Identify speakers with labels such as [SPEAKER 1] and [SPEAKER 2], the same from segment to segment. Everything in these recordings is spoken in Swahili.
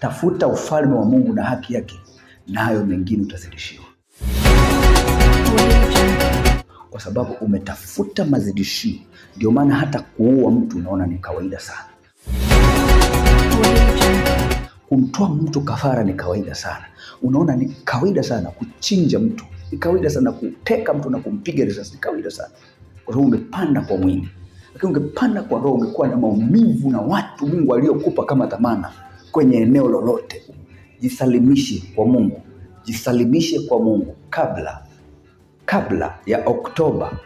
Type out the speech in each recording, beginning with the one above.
[SPEAKER 1] Tafuta ufalme wa Mungu na haki yake, na hayo mengine utazidishiwa, kwa sababu umetafuta mazidishio. Ndio maana hata kuua mtu unaona ni kawaida sana, kumtoa mtu kafara ni kawaida sana, unaona ni kawaida sana, kuchinja mtu ni kawaida sana, kuteka mtu na kumpiga risasi ni kawaida sana, kwa sababu umepanda kwa mwili. Lakini ungepanda kwa roho, ungekuwa na maumivu na watu Mungu aliyokupa kama dhamana kwenye eneo lolote, jisalimishe kwa Mungu, jisalimishe kwa Mungu kabla kabla ya Oktoba,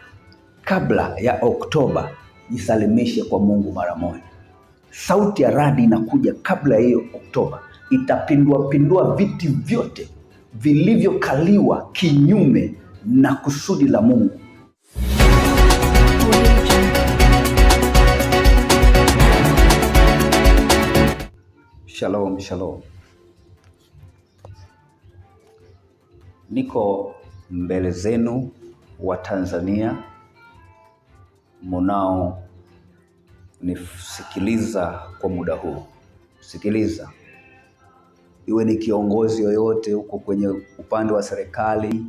[SPEAKER 1] kabla ya Oktoba jisalimishe kwa Mungu mara moja. Sauti ya radi inakuja kabla ya hiyo Oktoba, itapindua pindua viti vyote vilivyokaliwa kinyume na kusudi la Mungu. Shalom, shalom. Niko mbele zenu wa Tanzania munao nisikiliza kwa muda huu. Sikiliza. Iwe ni kiongozi yoyote huko kwenye upande wa serikali,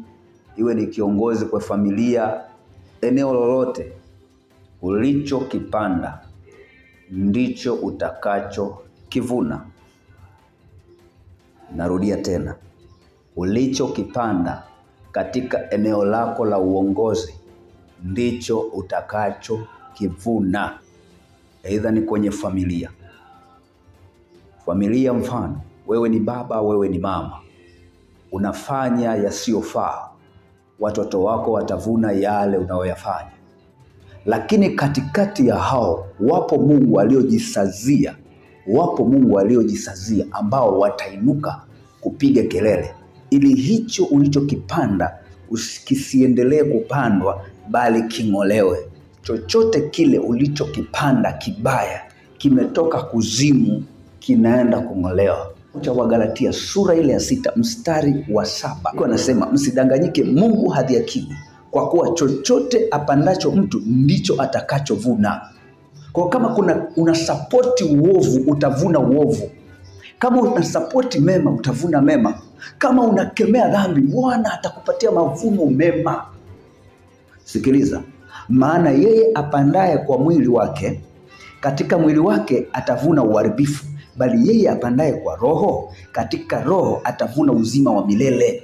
[SPEAKER 1] iwe ni kiongozi kwa familia, eneo lolote ulichokipanda ndicho utakachokivuna narudia tena, ulichokipanda katika eneo lako la uongozi ndicho utakachokivuna. Aidha ni kwenye familia, familia mfano, wewe ni baba, wewe ni mama, unafanya yasiyofaa, watoto wako watavuna yale unayoyafanya. Lakini katikati ya hao wapo Mungu aliyojisazia wapo Mungu aliojisazia ambao watainuka kupiga kelele ili hicho ulichokipanda usikisiendelee kupandwa bali king'olewe. Chochote kile ulichokipanda kibaya kimetoka kuzimu kinaenda kung'olewa cha Wagalatia sura ile ya sita mstari wa saba anasema msidanganyike, Mungu hadhihakiwi, kwa kuwa chochote apandacho mtu ndicho atakachovuna. Kwa kama kuna support uovu utavuna uovu, kama unasapoti mema utavuna mema, kama unakemea dhambi Bwana atakupatia mavuno mema. Sikiliza, maana yeye apandaye kwa mwili wake, katika mwili wake atavuna uharibifu, bali yeye apandaye kwa roho, katika roho atavuna uzima wa milele.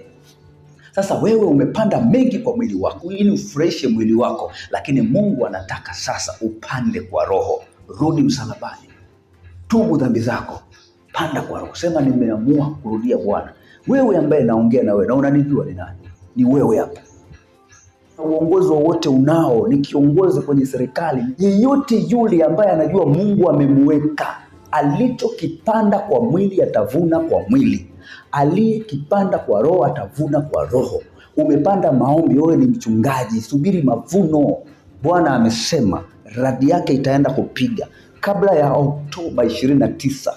[SPEAKER 1] Sasa wewe umepanda mengi kwa mwili wako ili ufurahishe mwili wako, lakini Mungu anataka sasa upande kwa roho. Rudi msalabani, tubu dhambi zako, panda kwa roho, sema nimeamua kurudia Bwana. Wewe ambaye naongea na wewe na unanijua ni nani, ni wewe hapa. Uongozi wowote unao, ni kiongozi kwenye serikali, yeyote yule ambaye anajua Mungu amemweka alichokipanda kwa mwili atavuna kwa mwili, aliyekipanda kwa roho atavuna kwa roho. Umepanda maombi, wewe ni mchungaji, subiri mavuno. Bwana amesema radi yake itaenda kupiga kabla ya Oktoba ishirini na tisa.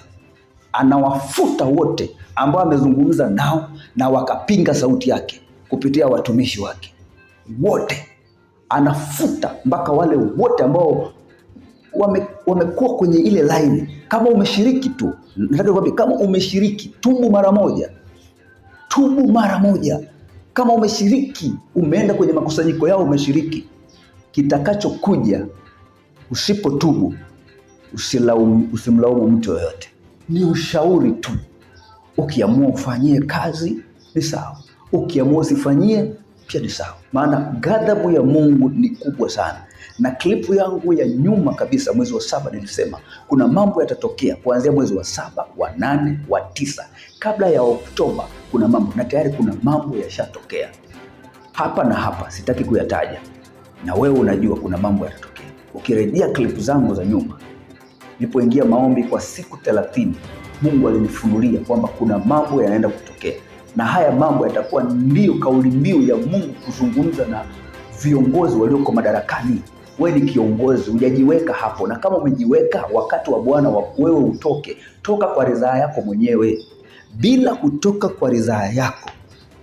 [SPEAKER 1] Anawafuta wote ambao amezungumza nao na wakapinga sauti yake kupitia watumishi wake wote, anafuta mpaka wale wote ambao wame, kwenye ile laini. Kama umeshiriki tu, nataka kama umeshiriki, tubu mara moja, tubu mara moja. Kama umeshiriki, umeenda kwenye makusanyiko yao, umeshiriki, kitakachokuja usipotubu, usimlaumu mtu yoyote. Ni ushauri tu. Ukiamua ufanyie kazi ni sawa, ukiamua usifanyie pia ni sawa, maana ghadhabu ya Mungu ni kubwa sana na klipu yangu ya nyuma kabisa, mwezi wa saba nilisema kuna mambo yatatokea kuanzia mwezi wa saba, wa nane, wa tisa, kabla ya Oktoba kuna mambo, na tayari kuna mambo yashatokea hapa na hapa, sitaki kuyataja, na wewe unajua kuna mambo yatatokea. Ukirejea klipu zangu za nyuma, nilipoingia maombi kwa siku thelathini, Mungu alinifunulia kwamba kuna mambo yanaenda kutokea na haya mambo yatakuwa ndiyo kauli mbiu ya Mungu kuzungumza na viongozi walioko madarakani. We ni kiongozi, hujajiweka hapo, na kama umejiweka, wakati wa Bwana wewe utoke. Toka kwa ridhaa yako mwenyewe. Bila kutoka kwa ridhaa yako,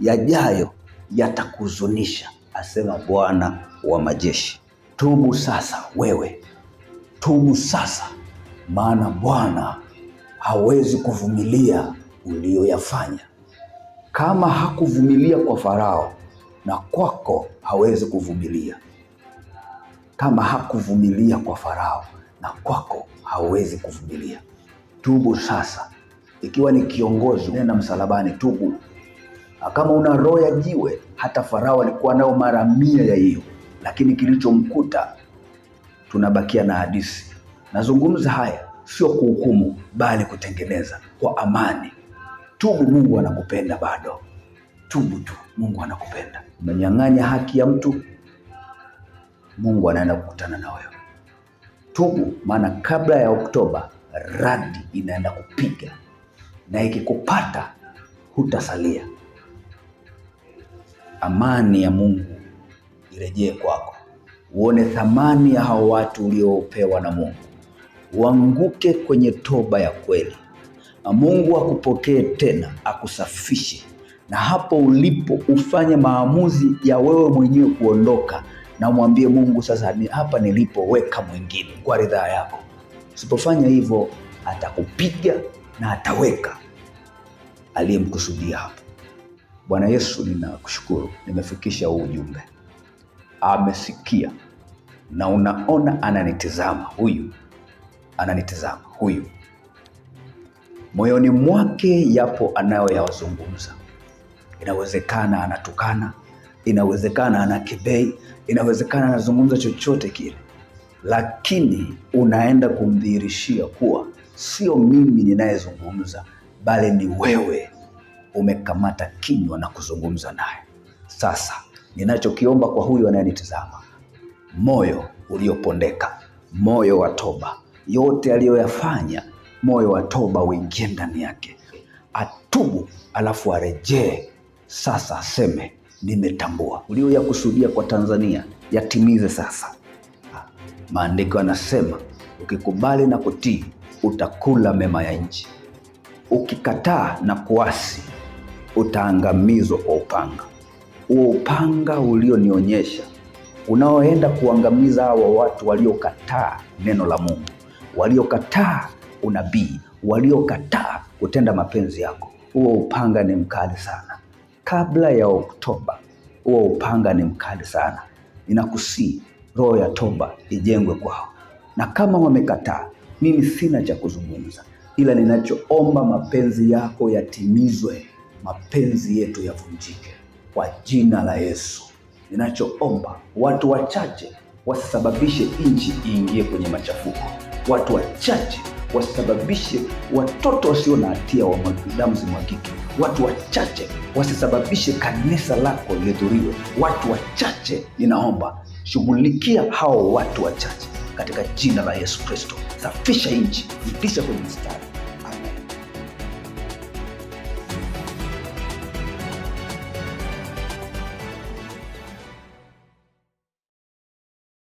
[SPEAKER 1] yajayo yatakuhuzunisha, asema Bwana wa majeshi. Tubu sasa, wewe tubu sasa, maana Bwana hawezi kuvumilia uliyoyafanya. Kama hakuvumilia kwa Farao, na kwako hawezi kuvumilia, kama hakuvumilia kwa Farao na kwako hawezi kuvumilia. Tubu sasa, ikiwa ni kiongozi, nenda msalabani, tubu. Kama una roho ya jiwe, hata Farao alikuwa nayo mara mia ya hiyo, lakini kilichomkuta, tunabakia na hadisi Nazungumza haya sio kuhukumu, bali kutengeneza kwa amani. Tubu, Mungu anakupenda bado tubu tu, Mungu anakupenda. Umenyang'anya haki ya mtu, Mungu anaenda kukutana na wewe. Tubu, maana kabla ya Oktoba radi inaenda kupiga, na ikikupata hutasalia. Amani ya Mungu irejee kwako, uone thamani ya hao watu uliopewa na Mungu, uanguke kwenye toba ya kweli, na Mungu akupokee tena, akusafishe na hapo ulipo ufanye maamuzi ya wewe mwenyewe kuondoka na umwambie Mungu, sasa ni hapa nilipo, weka mwingine kwa ridhaa yako. Usipofanya hivyo, atakupiga na ataweka aliyemkusudia hapo. Bwana Yesu, ninakushukuru, nimefikisha huu ujumbe, amesikia na unaona, ananitizama huyu, ananitizama huyu, moyoni mwake yapo anayoyazungumza. Inawezekana anatukana, inawezekana ana kibei inawezekana anazungumza chochote kile, lakini unaenda kumdhihirishia kuwa sio mimi ninayezungumza, bali ni wewe umekamata kinywa na kuzungumza naye. Sasa ninachokiomba kwa huyu anayenitazama, moyo uliopondeka, moyo wa toba, yote aliyoyafanya, moyo wa toba uingie ndani yake, atubu alafu arejee sasa aseme nimetambua kusudia kwa Tanzania yatimize sasa. Maandiko yanasema ukikubali na kutii utakula mema ya nchi, ukikataa na kuasi utaangamizwa kwa upanga. Huo upanga ulionionyesha unaoenda kuangamiza hawa watu waliokataa neno la Mungu, waliokataa unabii, waliokataa kutenda mapenzi yako. Huo upanga ni mkali sana kabla ya Oktoba huo upanga ni mkali sana. Ninakusii roho ya toba ijengwe kwao, na kama wamekataa, mimi sina cha kuzungumza, ila ninachoomba mapenzi yako yatimizwe, mapenzi yetu yavunjike kwa jina la Yesu. Ninachoomba watu wachache wasisababishe nchi iingie kwenye machafuko, watu wachache wasisababishe watoto wasio na hatia wa mwanadamu wa watu wachache wasisababishe kanisa lako lidhuriwe. Watu wachache, ninaomba shughulikia hao watu wachache katika jina la Yesu Kristo. Safisha nchi, ipisha kwenye mstari